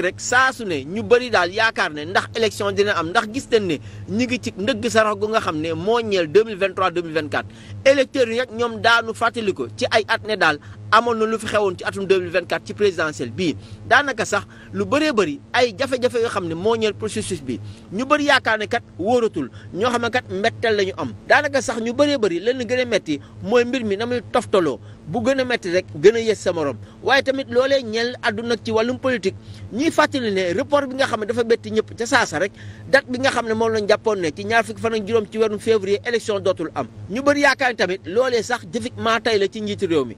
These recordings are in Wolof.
rek saa su ne ñu bari daal yaakaar ne ndax élection dina am ndax gis nañ ne ñu ngi ci ndëgg sarax gu nga xam ne moo ñeel 2023 2024 électeurs yi nag ñoom daanu fàttali ko ci ay at ne daal amoon na lu fi xewoon ci atum 2024 ci présidentielle bii daanaka sax lu bëree bëri ay jafe-jafe yoo xam ne moo ñeel processus bi ñu bëri yaakaar ne kat wóoratul ñoo xam ne kat mbetteel la ñu am daanaka sax ñu bëree bëri leen gën a metti mooy mbir mi na muy toftoloo bu gën a metti rek gën a yées sa morom waaye tamit loolee ñeel àdduna ci wàllum politique ñuy fàttali ne report bi nga xam ne dafa betti ñëpp ca saasa rek date bi nga xam ne moom lañ jàppoon ne ci ñaar fukki fan ak juróom ci weerum février élection dootul am ñu bëri yaakaar ne tamit loolee sax jëfiquement tey la ci njiitu réew mi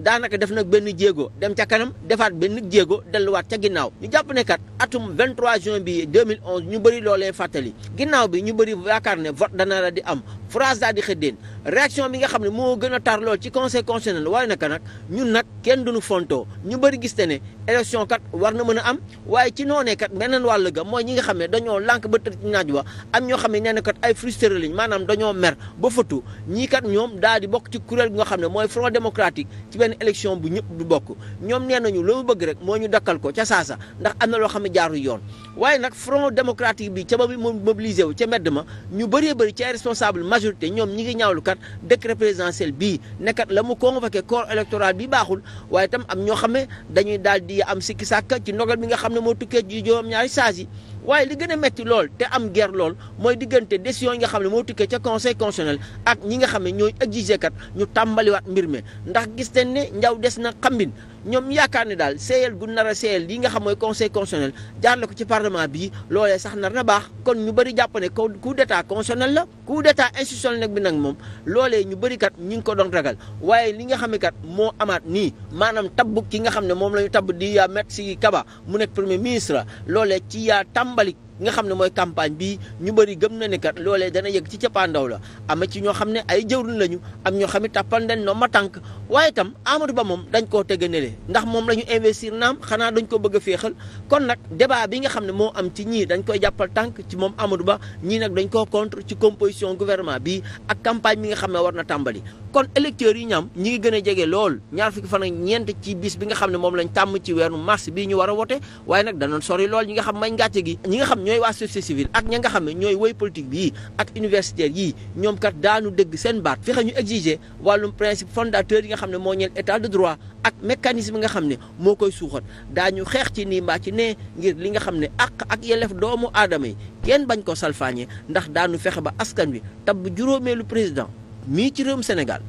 nag daanaka def nag benn jéego dem ca kanam defaat benn jéego delluwaat ca ginnaaw ñu jàpp ne kat atum 23 juin bi 2011 ñu bëri loolee fàttali ginnaaw bi ñu bëri yaakaar ne vote dana la di am France daal di xëddeen réaction bi nga xam ne moo gën a tar lool ci conseil constitutionnel waaye naka nag ñun nag kenn duñu fontoo ñu bëri gis te ne élection kat war na mën a am waaye ci noonee kat beneen wàll ga mooy ñi nga xam ne dañoo lànk ba tëdd naaj wa am ñoo xam ne nee na kat ay frustré lañ maanaam dañoo mer ba fëtu ñii kat ñoom daal di bokk ci kuréel bi nga xam ne mooy front démocratique ci benn élection bu ñëpp du bokk ñoom nee nañu bëgg rek moo ñu dakkal ko ca saasa ndax am na loo xam ne jaaru yoon waaye nag front démocratique bi ca ba mobiliser wu ca mbedd ma ñu bëree majorité ñoom ñi ngi ñaawlu kat décret présidentiel bii ne la mu convoqué corps électoral bi baaxul waaye tam am ñoo xam ne dañuy daal di am sikki sàkka ci ndogal bi nga xam ne moo tukkee ji joom ñaari saas yi waaye li gën a métti lool te am guerre lool mooy diggante décision yi nga xam ne moo tukkee ca conseil constitutionnel ak ñi nga xam ne ñooy exiger kat ñu tàmbaliwaat mbir mi ndax gis nañ ne njaw des na xambin ñoom yaakaar ne daal seeyal gu nar a nga xam mooy conseil constitutionnel jaarale ko ci parlement bi loolee sax nar na baax kon ñu bëri jàpp ne coup d'état constitutionnel la coup d'état institutionnel nag bi nag moom loolee ñu bëri kat ñu ngi ko doon ragal waaye li nga xam kat moo amaat nii maanaam tabb ki nga xam ne moom la ñu tabb di yaa met si Kaba mu nekk premier ministre loolee ci yaa euh, tàmbali nga xam ne mooy campagne bi ñu bëri gëm na ne kat loolee dana yëg ci cappaandaw la ama ci ñoo xam ne ay jëwriñ lañu am ñoo xam ne tàppal nañ noo ma tànk waaye itam Amadou Ba moom dañ koo tege nele ndax moom la ñu investir naam xanaa dañ ko bëgg a kon nag débat bi nga xam ne moo am ci ñii dañ koy jàppal tànk ci moom Amadou Ba ñii nag dañ koo contre ci composition gouvernement bi ak campagne bi nga xam ne war na tàmbali kon électeurs yi ñam ñi ngi gën a jege lool ñaar fan ak ñeent ci bis bi nga xam ne moom lañ tàmm ci weeru mars bii ñu war a wote waaye nag danoon sori lool ñi nga xam may ñooy waa société civile ak ña nga xam ne ñooy woy politique bi ak universitaires yi ñoom kat daanu dégg seen baat fexe ñu exiger wàllum principe fondateur yi nga xam ne moo ñeel état de droit ak mécanisme nga xam ne moo koy suuxat daañu xeex ci nii mbaa ci nee ngir li nga xam ne àq ak yelef doomu aadama yi kenn bañ ko salfaañe ndax daanu fexe ba askan wi tabb juróomeelu président mii ci réewum Sénégal